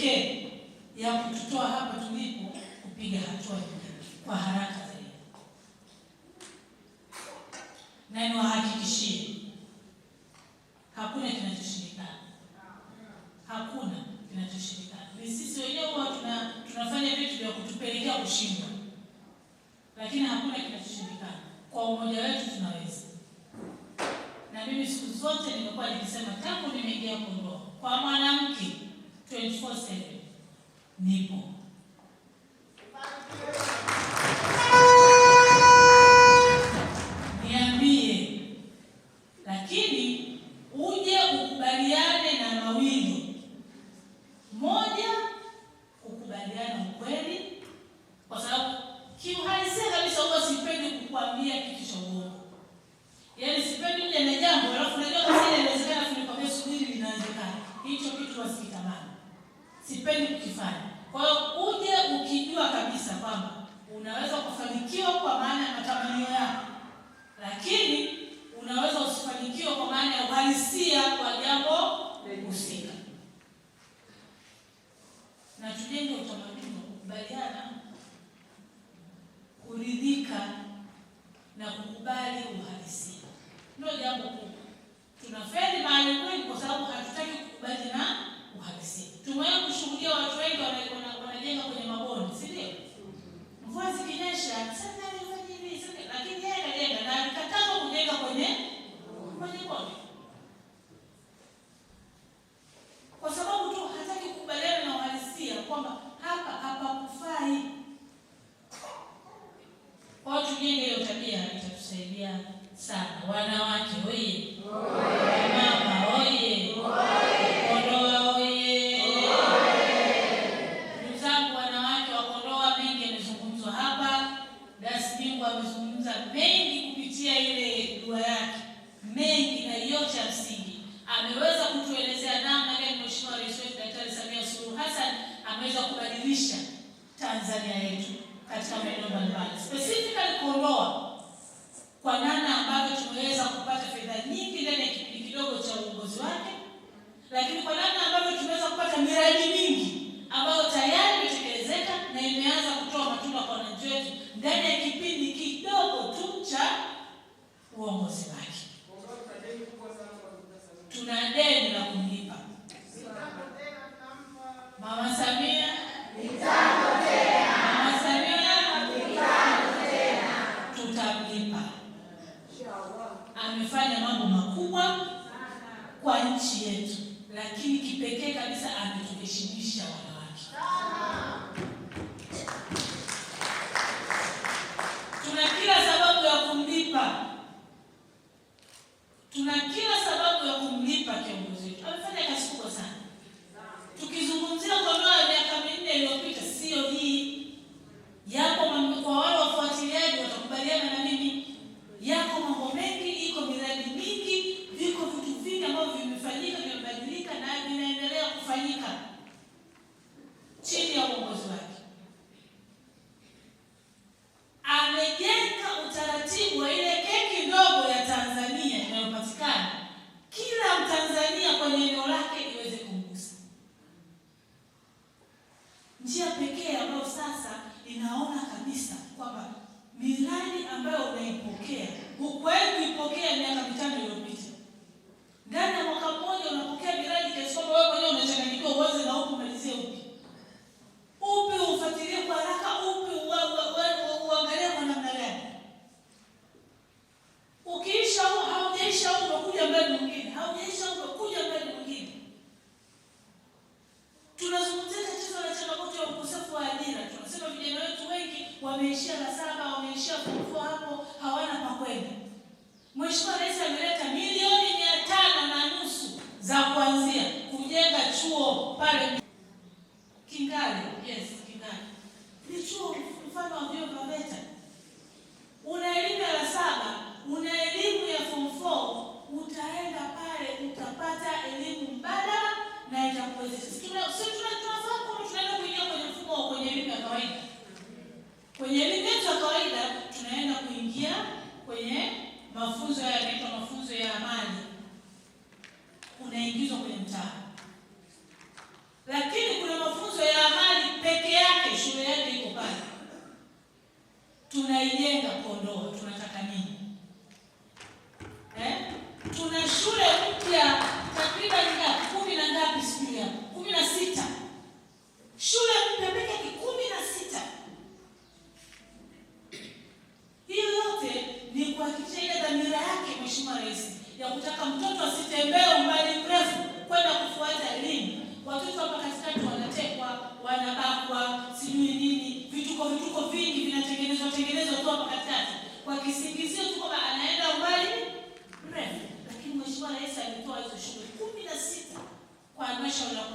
pekee ya kututoa hapa tulipo kupiga hatua kwa haraka zaidi, na niwahakikishie hakuna kinachoshindikana, hakuna kinachoshindikana. Ni sisi wenyewe huwa tuna, tunafanya vitu vya kutupelekea kushindwa, lakini hakuna kinachoshindikana. Kwa umoja wetu tunaweza. Na mimi siku zote nimekuwa nikisema tangu nimeingia Kondoa, kwa mwanamke 24-7. Nippon. sipendi kukifanya. Kwa hiyo uje ukijua kabisa kwamba unaweza kufanikiwa kwa maana ya matamanio yako, lakini unaweza usifanikiwe kwa maana ya uhalisia kwa jambo husika, na tujenge utamaduni wa kukubaliana, kuridhika na kukubali uhalisia. Ndio jambo kubwa. Tunafeli mahali kwingi kwa sababu hatutaki kukubali na Tumewahi kushuhudia watu wengi wanajenga kwenye mabonde, si ndio? Mvua zikinyesha hivi, lakini yeye anajenga na alikatazwa kujenga kwenye kwenye bonde kwa sababu tu hataki kukubaliana na uhalisia kwamba hapa hapakufai. Kwa hiyo tujenge hiyo tabia, itatusaidia sana wana kuweza kubadilisha Tanzania yetu katika maeneo mbalimbali, specifically Kondoa, kwa namna ambavyo tumeweza kupata fedha nyingi ndani ya kipindi kidogo cha uongozi wake, lakini kwa namna ambavyo tumeweza kupata nchi yetu, lakini kipekee kabisa ametuheshimisha wanawake. Yeah. Mheshimiwa Rais ameleta milioni mia tano na nusu za kuanzia kujenga chuo pale Kingale. shule yake iko pale, tunaijenga Kondoa, tunataka nini? vituko vingi vinatengenezwa tengenezwa tu hapa katikati kwa kisingizio tu kwamba anaenda umbali mrefu, lakini Mheshimiwa Rais alitoa hizo shughuli kumi na sita kwa halmashauri